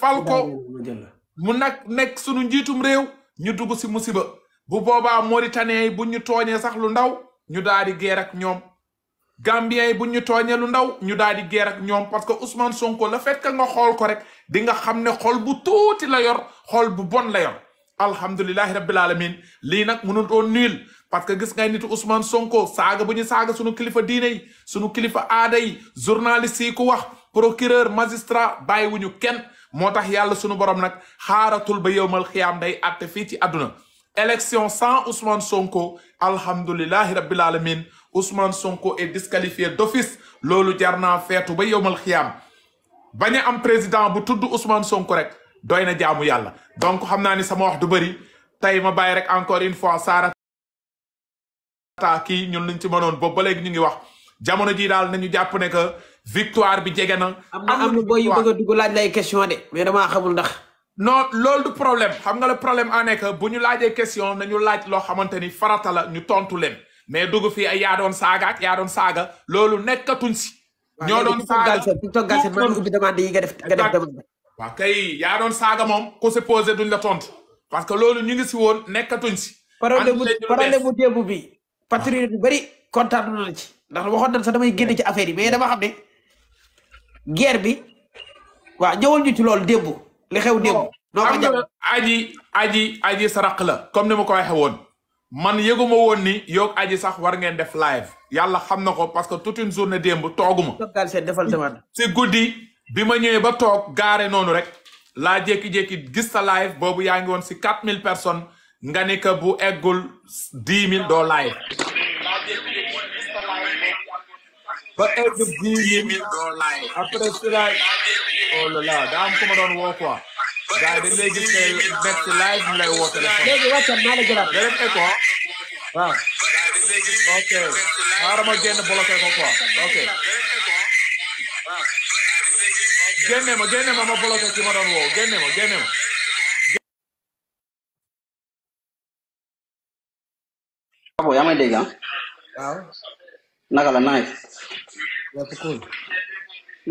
fal ko mu nag nekk sunu njiitum réew ñu dugg si musiba bu boobaa Mauritaniens yi bu ñu tooñee sax lu ndaw ñu daal di geer ñoom Gambiens yi bu ñu tooñee lu ndaw ñu daal di geer ak ñoom parce que Ousmane Sonko la fekk nga xool ko rek di nga xam ne xool bu tuuti la yor xol bu bon la yor alhamdulilahi rabbil alamin lii nag mënutoo nul parce que gis ngay nitu Ousmane Sonko saaga bu ñu saaga sunu kilifa diine yi sunu kilifa aada yi journaliste yi wax procureur magistrat bàyyiwuñu kenn motax yàlla sunu borom nak kharatul ba yawmal khiyam day àtte fi ci aduna élection sans Ousmane Sonko alhamdulilahi rabbil alamin Ousmane Sonko est disqualifié d'office loolu jarna fetu ba yawmal khiyam bañ am président bu tuddu Ousmane Sonko rek doyna jaamu yàlla donc xamna ni sama wax du bari tay ma bay rek encore une fois Sara ki ñun liñ ci mënon bo ba légui ñu ngi wax jamono ji dal nañu jàpp ne que victoire bi jege na. am na am na booy yu bëgg a dugg laaj lay question de mais damaa xamul ndax. non loolu du problème xam nga le problème en est que bu ñu laajee question nañu laaj loo xamante ni farata la ñu tontu leen mais dugg fii ay yaa doon saaga ak yaa doon saaga loolu nekkatuñ si. ñoo doon saaga waaw kay yaa doon saaga moom ku si posé duñ la tontu parce que loolu ñu ngi si woon nekkatuñ si. parole bu parole bu démb bi. patriote yu bëri kontaan na ci ndax waxoon nañ sax damay génn ci affaire yi mais dama xam ne. guerre bi waaw ñëwal ñu ci loolu démb li xew démb. Oh, doo ko jàpp aji aji aji saraq la comme ni ma ko waxee woon man yëguma woon ni yow aji sax war ngeen def live yàlla xam na ko parce que toute une journée démb tooguma. si guddi bi ma ñëwee ba toog gaare noonu rek laa jékki-jékki gis sa live boobu yaa ngi woon si 4000 personnes nga ni que bu eggul 10 000 doo live. ba egg dix après cela oh là là daa ku ma doon woo quoi gars yi dañ lay gis ne nekk ci live mu lay woo téléphone. léegi WhatsApp naa la jëlaat. nga def écho waaw. ok xaaral ma génn bloqué ko quoi ok génne ma génne ma ma bloqué ki ma doon woo génne ma génne ma. waaw yaa may dégg ah. naka la nice. that's cool.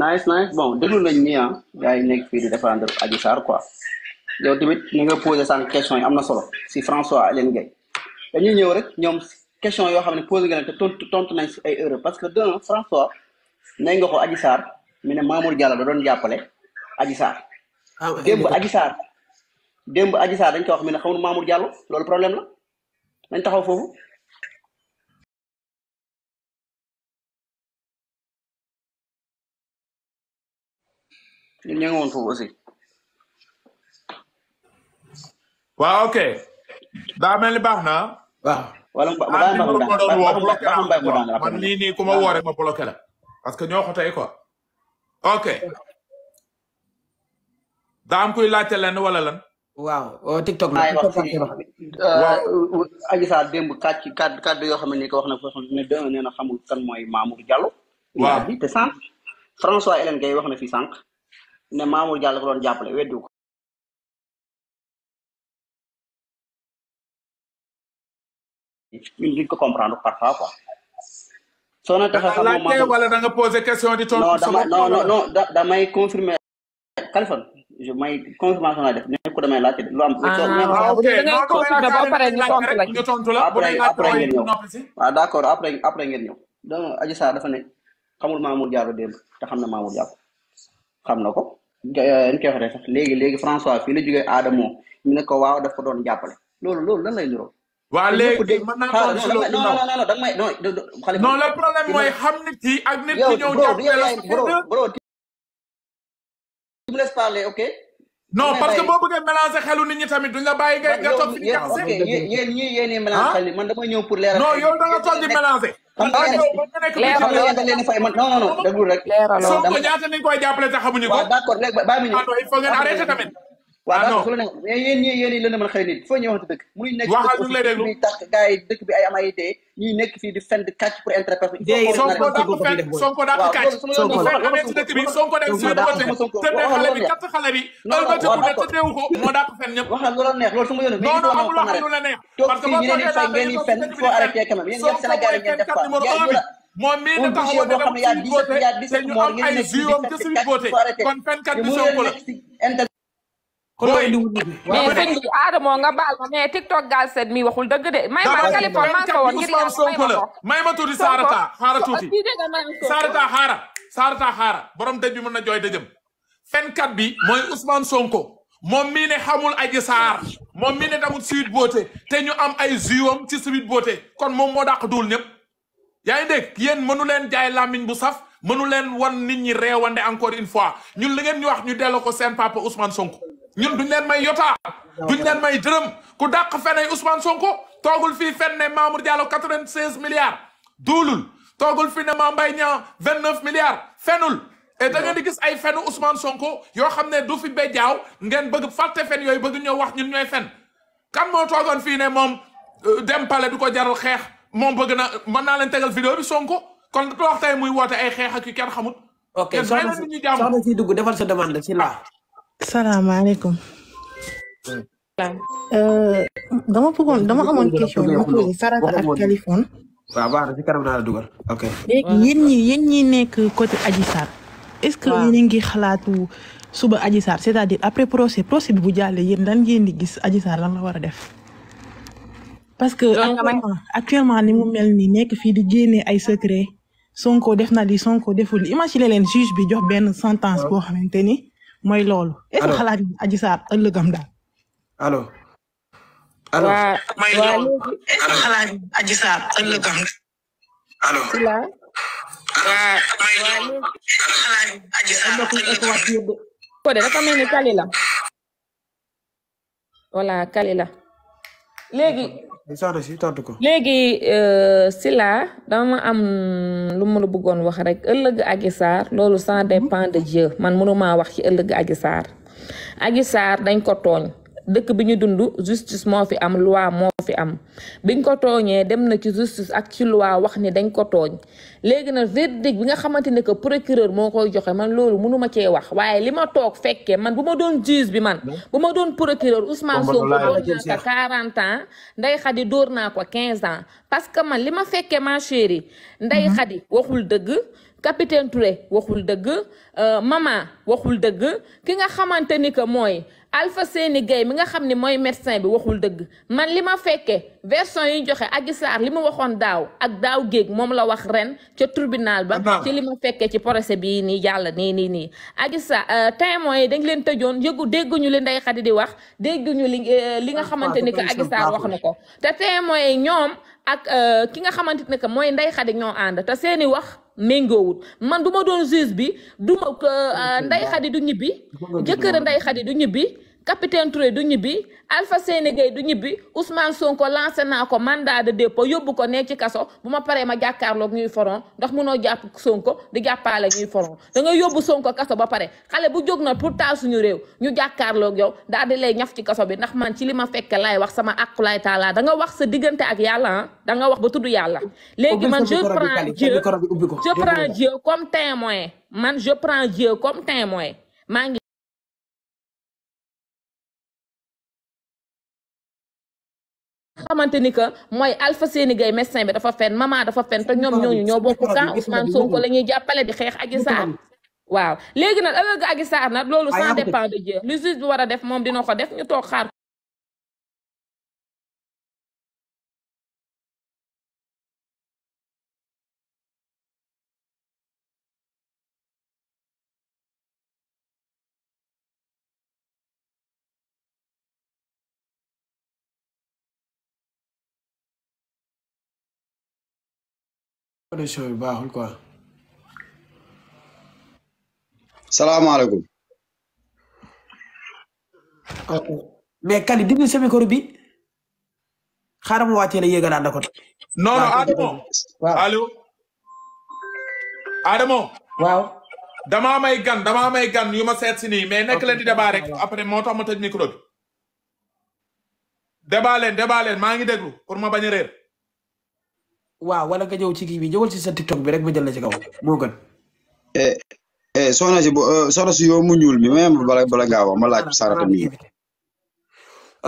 nice nice bon de nañ nii ah yi nekk fii di défendre Adji Sarr quoi yow tamit ni nga posé sànq question yi am na solo si François Hélène dañuy ñëw rek ñoom question yoo xam ne posé nga ne te tontu tontu nañ si ay erreur parce que dun François nay nga ko Adji Sarr mi ne Mamour Diallo da doon jàppale Adji Sarr ah, démb Adji Sarr démb dañ ko wax mi ne xamul Mamour Diallo loolu problème la nañ taxaw foofu ñun ña nga waaw ok. daa mel ni baax na. waaw wala mu ah, baax mu daan man lii nii ku ma wooree la. parce que ñoo ko tey quoi. kuy laajte lenn wala lan. waaw TikTok la. waaw euh, euh, Adji Sarr démb kàcc kàddu kàddu yoo xam ne ko wax na ko ne dégg nee na xamul kan mooy Mamour Diallo. waaw te sànq François Hélène Gueye wax na fi sànq. ne Mamour Diallo la ko doon jàppale weddiwu ko ko comprendre parfois quoi. soo na tax xam moom Mamour wala da nga posé question di tontu sama la def ne ko damay laajte ah, d' ah, accord ne xamul Mamour te xam na Mamour Diallo. xam na ko dañ koy François fii la jógee Adamo ñu ne ko waaw daf ko doon jàppale loolu loolu lan lay niroo. waa léegi mën da may non. non le problème mooy xam nit yi ak nit ñi ñëw jàppale la. bro bro tu me laisses parler ok. non parce que boo bëggee mélanger xelu nit ñi tamit duñ la bàyyi nga nga toog fi ñu. yéen ñii yéen ñii mélanger ah? xel man damay ñëw pour leeral. non yow da nga toog di man non non non déglu rek. leeraloo dama Sonko ñaata nañu koy jàppale te xamuñu ko. waaw d'accord léegi ba ba mu ñëw. il faut ngeen arrêté tamit. waaw non ku neex loolu su ma yoon non non amul wax lu la neex parce que ñu ne ni fay ngeen di fenn faut arrêter quand même yéen yéen Sénégal yi ngeen def moom mii la taxaw boo kon loolu indiwul nit ñi. nga baal ma mais TikTok Galsen mi waxul dëgg de. may ma Kaliphone maa ngi ko woon ngir yàlla may ma ko may ma tuuti Sarata xaara tuuti Sarata xaara borom dëj bi mën na jooy dëjëm. fenkat bi mooy Ousmane Sonko moom mii ne xamul Adji Sarr moom mii ne damul boote te ñu am ay ziwam ci Sweet Beauté kon moom moo dàq duul ñëpp. yaa ngi dégg yéen mënu leen jaay làmmiñ bu saf mënu leen wan nit ñi reewande encore une fois ñun li ngeen ñu wax ñu delloo ko seen papa Ousmane Sonko. ñun duñ leen may yotaa duñ leen may dërëm ku dàq feney Ousmane Sonko toogul fii fen ne Mamour Diallo quatre-vingt-seize milliards duulul toogul fii ne Mame Mbaye Niang vingt-neuf milliards fenul et da ngeen di gis ay fenu Ousmane Sonko yoo xam ne du fi be jaaw ngeen bëgg fàtte fen yooyu bëgg ñoo wax ñun ñooy fen kan moo toogoon fii ne moom euh, dem pale du ko jaral xeex moom bëgg na mën naa leen tegal vidéo bi Sonko kon du wax tey muy woote ay xeex ak yu kenn xamut ok soxna si dugg defal sa demande si salaamaaleykum. Euh, dama bëggoon dama amoon question dama posé Sarata ak ñi yéen ñi nekk côté Adji Sarr. est-ce que yéen ngi xalaatu suba aji Sarr c'est-à-dire après procès bi bu jàllee yéen lan ngeen di gis aji saar lan la war a def. parce que actuellement ni mu mel ni nekk fii di génne ay secret Sonko def na li Sonko deful imagine leen juge bi jox benn sentence boo xamante ni. mooy loolu. est-ce que xalaat nga Adji Sarr ëllëgam daal. allo. allo waaw mooy loolu est-ce que xalaat nga Adji Sarr ëllëgam allo. waaw waaw. ko de dafa mel ni kali la. voilà kali soxna si tontu ko. léegi euh, Sila dama am lu ma la bëggoon wax rek ëllëg Adji Sarr loolu ça dépend de Dieu man mënuma wax ci ëllëg Adji Sarr Adji Sarr dañ ko tooñ. dëkk bi ñu dund justice moo fi am loi moo fi am biñ ko tooñee dem na ci justice ak ci loi wax ni dañ ko tooñ léegi nag verdict bi nga xamante ne que procureur moo koy joxe man loolu mënuma cee wax waaye li ma toog fekkee man bu ma doon juge bi man bu ma doon procureur Ousmane Sonko dóor naa ko 40 ans nday Khady dóor naa ko quinze ans parce que man li ma fekkee ma chérie Ndeye mhm. Khady waxul dëgg capitaine Touré waxul dëgg euh, mama waxul dëgg ki nga xamante ni que mooy Alpha Seyni Gueye mi nga xam ni mooy médecin bi waxul dëgg man li ma fekkee version yi joxe Adji Sarr li ma waxoon daaw ak daaw géeg moom la wax ren ca tribunal ba ci li ma fekkee ci procès bii nii jàll nii nii nii Adji Sarr euh, témoins yi dañ leen tëjoon yëgu dégguñu li Ndeye Khady di wax dégguñu li euh, li nga ah, xamante ni que Adji wax na ko te témoins yi ñoom ak euh, ki nga xamante ni que mooy Ndeye Khady ñoo ànd te seeni wax méngoowul man du ma doon juge bi du ma euh, nday xadi du ñibbi jëkkër a nday xadi du ñibbi capitaine Touré du ñibbi Alpha Seyni Gueye du ñibbi Ousmane Sonko lancé naa ko mandat de dépôt yóbbu ko ne ci kaso bu ma paree ma jàkkaarloog ñuy foron ndax mënoo jàpp Sonko di jàppaale ñuy foron da nga yóbbu Sonko kaso ba pare xale bu jóg na pour taal suñu réew ñu jàkkaarloog yow daal di lay ñaf ci kaso bi ndax man ci li ma fekk laay wax sama àqulaay laay taalaa da wax sa diggante ak yàlla ah da wax ba tudd yàlla. léegi man je prends Dieu je prends Dieu comme man je prends Dieu comme témoin maa xamante ni que mooy Alpha Seyni Gueye médecin bi dafa fen mama dafa fen te ñoom ñooñu ñoo bokk kan Ousmane Sonko la ñuy jàppale bi xeex Adji Sarr waaw léegi nag ëllëg Adji Sarr nag loolu ça dépend de Dieu lu juge bi war a def moom dina ko def ñu toog xaar connexion bi baaxul quoi. salaamaaleykum. mais Kali dindi sa bi xaaral ma wàccee la yéegalaat na ko. non non Adamo. waaw allo. Adamo. waaw. damaa may gan damaa may gan yu ma seet si nii mais nekk leen di débat rek après moo tax ma tëj micro bi. débat maa ngi déglu pour ma bañ a réer. waaw wala nga ñëw ci kii bi ñëwal ci sa tiktok bi rek ma jël la ci kaw moo gën. Eh, eh, soxna si bu eh, soxna si yow mu ñuul bi même bala bala bala gaaw ma laaj sarata mi.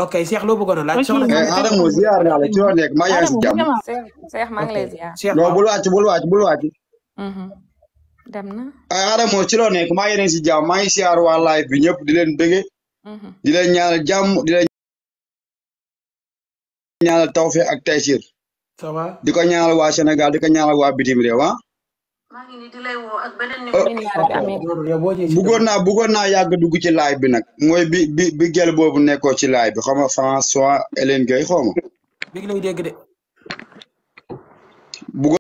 ok Cheikh loo bëggoon a laaj soxna si. Adamo ziar naa la ci loo nekk maa yaa si jàmm. Cheikh maa ngi lay ziar. non bul wàcc bul wàcc bul wàcc. Mhm. dem na. ci loo nekk maa si jàmm maa ngi ziar waa live bi ñëpp di leen bëgge. Mhm. di leen ñaanal jàmm di leen ñaanal tawfeex ak ça va di ko ñaanal waa Sénégal di ko ñaanal waa bitim réew ah. maa ngi nii lay woo ak bëggoon oh. naa yàgg dugg ci laay bi nag mooy bi bi bi gel nekkoo ci laay bi xaw ma François Hélène Gueye xaw